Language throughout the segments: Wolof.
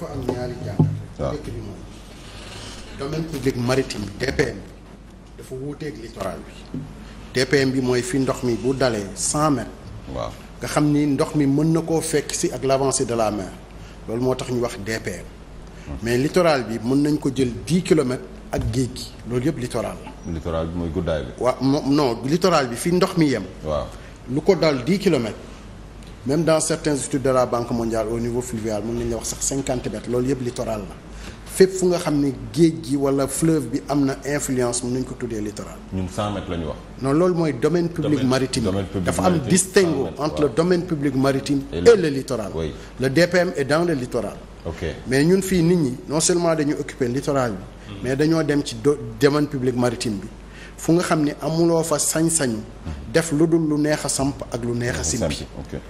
dafa am ñaari jàngat. waaw bi mooy domaine dafa wuuteeg littoral bi. DPM bi mooy fi ndox mi bu dalee cent waaw nga xam ni ndox mi mën na koo fekk si ak l' de la mer loolu moo tax ñu wax DPM. Hmm. mais littoral bi mën nañ ko jël dix kilomètres ak géej gi loolu yëpp littoral la. littoral bi mooy guddaay bi. waaw non littoral bi fi ndox mi yem. waaw lu ko dal dix kilomètres. même dans certains études de la banque mondiale au niveau fluvial mën nañ la wax sax cinquante mètres loolu yëpp littoral la fépp fu nga xam ne géej gi wala fleuve bi am na influence mën nañ ko tuddee littoral. ñun cent la ñu wax. non loolu mooy domaine public maritime dafa am distinguo entre le domaine public maritime et le littoral le DPM est dans le littoral mais ñun fii nit ñi non seulement dañu occuper littoral bi hmm. mais dañoo dem ci domaine public maritime bi fu nga xam ne amuloo fa sañ-sañu def lu dul lu neex a samp ak lu neex a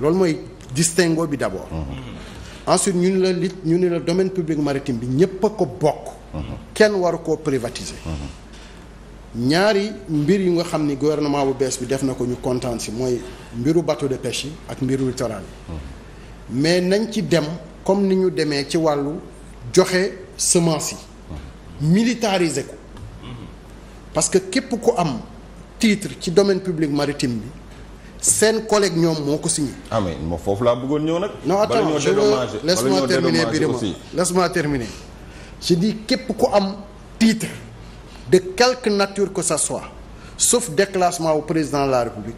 loolu mooy distinguo bi d'abord mhm. ensuite ñu ni la li ñu ni la domaine public maritime bi ñépp a ko bokk mhm. kenn waru koo privatiser mhm. ñaari mbir yu nga xam ni gouvernement bu bees bi def na ko ñu kontaan si mooy mbiru bateau de pêche yi ak mbiru littoral yi mais nañ ci dem comme ni ñu demee ci wàllu joxe semence yi militariser ko parce que képp ko am titre ci domaine publique maritime bi seen collègue ñoom moo ko signé. ah foofu laa bëggoon ñëw nag. non attends je veux laisse-moi terminer Birima laisse-moi terminer. je di képp ko am titre de quelque nature que ça soit sauf déclassement au président de la république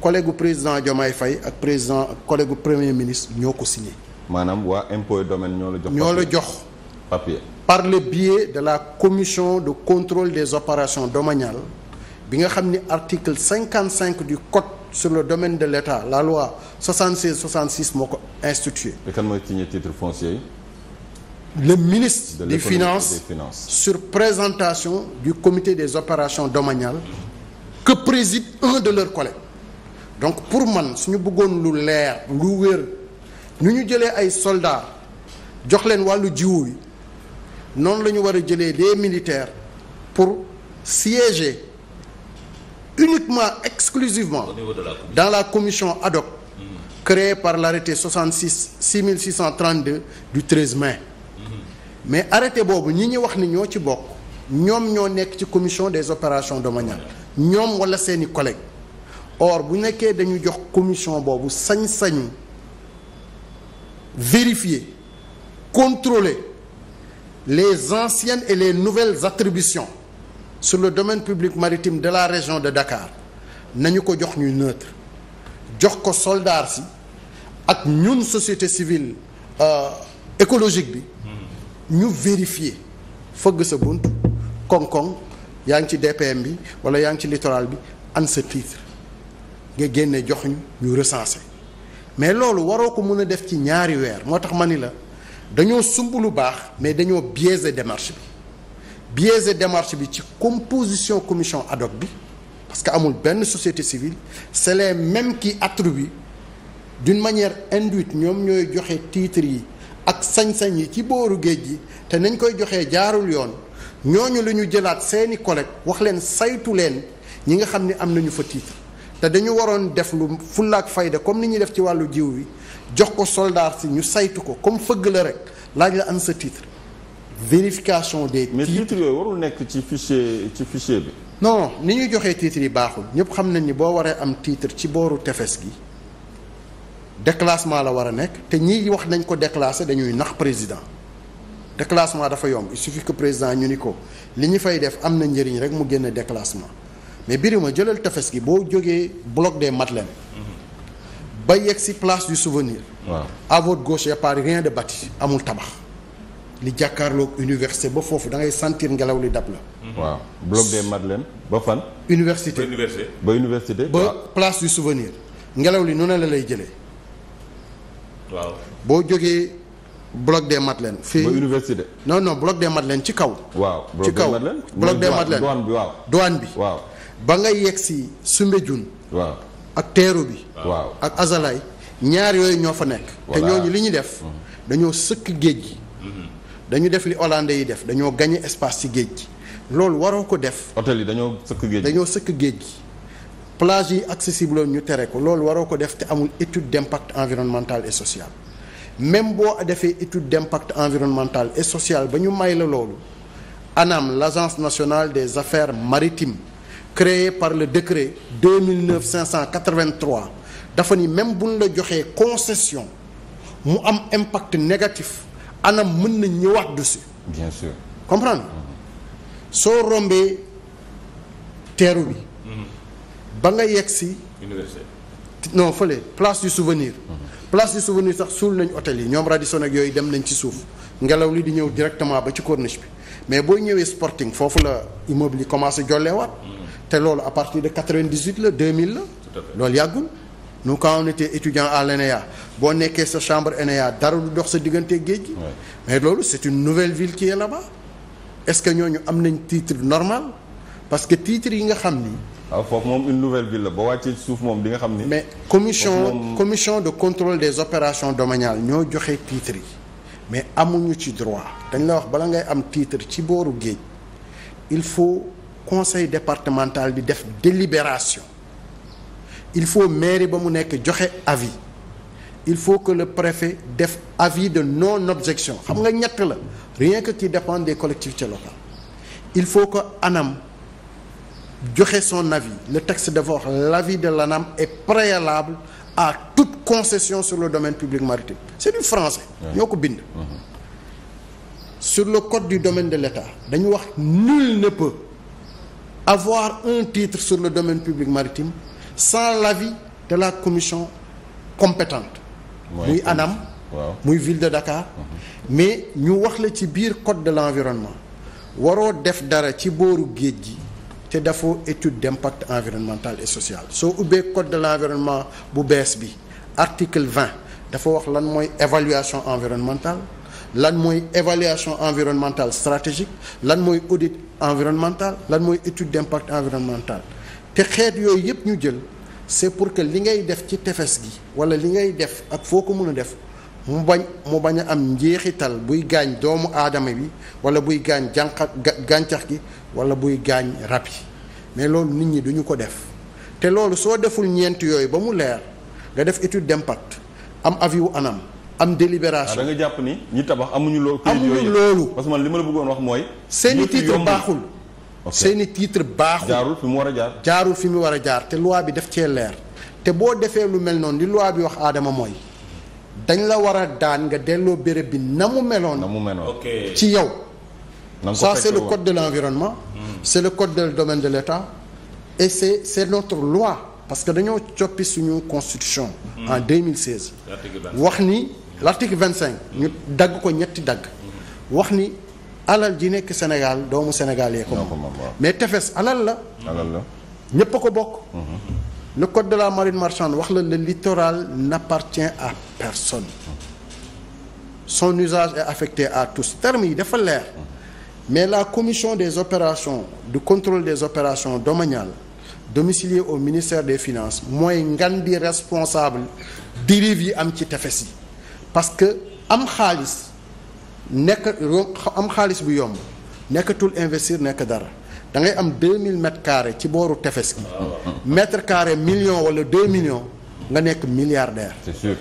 collègue président Diomaye fay ak président collègue premier ministre ñoo ko signé. maanaam waa impôt domaine ñoo la jox. ñoo la jox papier. par le biais de la commission de contrôle des opérations domaniales bi nga xam ni article cinquante cinq du code sur le domaine de l'État la loi soixante seize soixante six moo ko institué. mais kan mooy signé le ministre de des finances sur présentation du comité des opérations domaniales que préside un de leur collègues donc pour man suñu bëggoon lu leer lu wér ñu ñu jëlee ay soldats jox leen wàllu jiwu yi noonu la ñu war a jëlee des militaire pour siéger uniquement exclusivement dans la commission ad hoc créée par l'arrêté 66 6632 du 13 mai mais arrêté boobu ñi ñu wax ni ñoo ci bokk ñoom ñoo nekk ci commission des opérations domaniales ñoom wala seeni collègues or bu nekkee dañu jox commission boobu sañ-sañu vérifier contrôler les anciennes et les nouvelles attributions sur le domaine public maritime de la région de Dakar nañu ko jox ñu neutre jox ko soldat si ak ñun société civile euh, écologique bi ñu vérifier fëgg sa bunt koŋ-koŋ yaa ngi ci DPM bi wala yaa ngi ci littoral bi an sa titre nga génne jox ñu ñu recenser mais loolu waroo ko mën a def ci ñaari weer moo tax ma ni la. dañoo sumb lu baax mais dañoo biaisé démarche bi biaisé démarche bi ci composition commission ad hoc bi parce que amul benn société civile c'est les mêmes qui attribuent d'une manière induite ñoom ñooy joxe titres yi ak sañsañ yi ci booru géej gi te nañ koy joxe jaarul yoon ñooñu la ñu jëlaat seeni collègues wax leen saytu leen ñi nga xam ni am nañu fa titre te dañu waroon def lu fullaak fayda comme ni ñuy def ci wàllu jiw wi jox ko soldat si ñu saytu ko comme fëgg la rek laaj la am sa titre vérification des titres mais titres yooyu warul nekk ci fichier ci fichier bi non ni ñuy joxee titres yi baaxul ñëpp xam nañ ni boo waree am tiitre ci booru tefes gi déclassement la war a nekk te ñi wax nañ ko déclassé dañuy nax président déclassement dafa yomb il suffit que président ñu ni ko li ñu fay def am na njëriñ rek mu génne déclassement mais Birima jëlal tefes gi boo jógee bloc des Madeleines ba yegg si place du souvenir waaw à votre gauche y rien de bâti amul tabax li jàkkaarloog université ba foofu da ngay sentir ngelaw li dab la waaw bloc des Madeleines ba fan université ba université ba place du souvenir ngelaw li nu ne la lay jëlee waaw boo jógee bloc des Madeleines fii ba université non non bloc des ci kaw waaw ci kaw bloc des Madeleines bi waaw ba nga yegg si Soumbédioune waaw ak teeru bi waaw ak Azalaï ñaar yooyu ñoo fa nekk te ñooñu li ñu def mhm. dañoo sëkk géej gi mhm. dañu def li hollandais yi def dañoo gagné espace ci géej gi loolu waroo ko def hôtel yi dañoo sëkk géej gi dañoo sëkk géej gi plage yi accessible ñu tere ko loolu waroo ko def te amul étude d'impact environnemental et social même boo defee étude d'impact environnemental et social ba ñu may la loolu anaam l'agence nationale des affaires maritimes créé par le décret 2009 583 dafa ni même buñ la joxee concession mu am impact négatif anam mën nañ ñëwaat dessus. bien sûr comprendre soo rombee teeru bi. Mhm. ba nga yegg si. université. non fële place du souvenir. Mhm. place du souvenir sax suul nañ hôtel yi ñoom Radisson ak yooyu dem nañ ci suuf ngelaw li di ñëw directement ba ci corniche bi mais boo ñëwee Sporting foofu la immeuble yi commencé jolleewaat. Mhm. te loolu à partir de 98 la 2000 la. loolu yàggul nous quand on était étudiant à l'ENEA boo nekkee sa chambre ENEA dara du dox sa diggante géej gi. mais loolu c'est une nouvelle ville qui est là-bas. est-ce que ñooñu am nañ titre normal parce que titre yi nga xam ni. waaw ah, foofu moom une nouvelle ville la ba wàccee suuf moom di nga xam ni. mais commission commission de contrôle des opérations domaniales ñoo joxe titre yi mais amuñu ci droit dañ la wax bala ngay am titre ci booru géej conseil départementale bi def délibération il faut mairie ba mu nekk joxe avis il faut que le préfet def avis de non objection xam nga ñett la rien que qui dépend des collectivités locales il faut que ANAM joxe son avis le texte dafa wax l'avis de l'ANAM est préalable à toute concession sur le domaine public maritime c'est du français ñoo ko bind mhm. sur le code du domaine de l'État dañu wax nul ne peut avoir un titre sur le domaine public maritime sans l'avis de la commission compétente muy ANAM muy ville de Dakar mhm. mais ñu wax la ci biir code de l'environnement waroo def dara ci booru géej gi te dafoo étude d'impact environnemental et social soo ubbee code de l'environnement bu bees bi article 20 dafa wax lan mooy évaluation environnementale lan mooy évaluation environnementale stratégique lan mooy audit environnemental lan mooy étude d'impact environnemental te xeet yooyu yëpp ñu jël c'est pour que li ngay def ci tefes gi wala li ngay def ak foo ko mën a def mu bañ mu bañ a am njeexital buy gaañ doomu aadama bi wala buy gaañ jànqa gàncax gi wala buy gaañ rab mais loolu nit ñi duñu ko def te loolu soo deful ñeent yooyu ba mu leer nga def étude d'impact am aviou anam am délibération. Ah, da nga jàpp ni ñi tabax amuñu loolu. amuñu loolu parce man li ma la bëggoon wax mooy. seeni titre baaxul. seeni titre baaxul. jaarul fi mu war a jaar. jaarul fi mu war a jaar te loi bi def cee leer. te boo defee lu mel noonu li loi bi wax aadama mooy dañ la war a daan nga delloo béréb bi na mu meloon. na mu meloon ci yow. ça hmm. c'est le code de l'environnement. c'est le code du domaine de l'État. et c'est c'est notre loi parce que dañoo coppi suñu constitution. Hmm. en 2016. wax ni. l' article cinq ñu dagg ko ñetti dagg wax ni alal ji nekk Sénégal doomu Sénégal yee ko moom mais tefes alal la alal la ñépp a ko bokk mhm. le code de la marine marchande wax la le littoral n'appartient à personne son usage est affecté à tous termes yi dafa leer mhm. mais la commission des opérations du contrôle des opérations domaniales domiciliée au ministère des finances mooy ngan di responsable dérive yi am ci tefes yi parce que am xaalis nekk am xaalis bu yomb nekkatul investir nekk dara da ngay am 2000 mètres carrés ci booru tefes gi mètre carré million wala 2 millions nga nekk milliardaire c'est sûr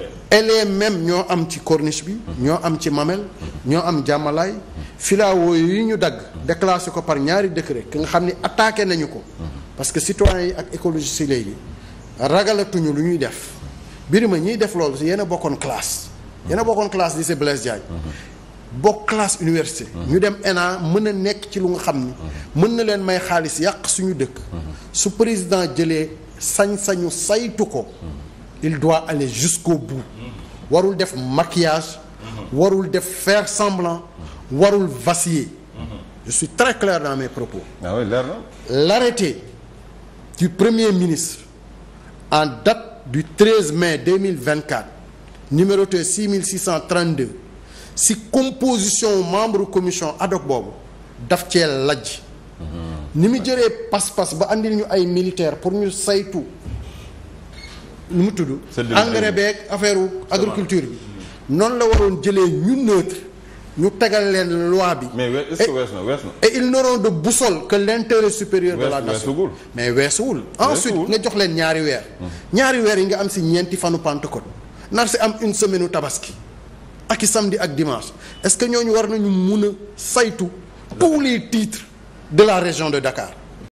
ñoo am ci corniche bi ñoo am ci mamel ñoo am jàmmalaay filao yi ñu dagg déclassé ko par ñaari décret ki nga xam ni attaqué nañu ko parce que citoyens yi ak écologistes yi léegi ragalatuñu lu ñuy def birima ñiy def loolu si yéen a bokkoon classe yéen bokkoon bokkoon classe lycée Blaise Diagne. bokk classe université. ñu dem ENA mën a nekk ci lu nga xam ni. mën na leen may xaalis yàq suñu dëkk. su président jëlee sañ-sañu saytu ko. il doit aller jusqu'au bout. warul def maquillage. warul def faire semblant. warul vaciller. je suis très clair dans mes propos. ah oui leer na. du premier ministre en date du 13 mai numéroté 6632 si composition membre commission ad boobu daf cee lajj. Mhm. ni mu jëree pas-pas ba andil ñu ay militaire pour ñu saytu nu mu tudd. engrais beeg affaire agriculture bi. noonu la waroon jëlee ñu neutre ñu tegal leen loi bi. mais est-ce que wees na wees na. et ils de boussole que l'intérêt supérieur. de la nation mais weesuwul. ensuite nga jox leen ñaari weer. Mhm. ñaari weer yi nga am si ñeenti fanu Pentecôte. nar si am une semaine u tabaski ak i samedi ak dimanche est-ce que ñooñu war nañu mun a saytu tous les titres de la région de Dakar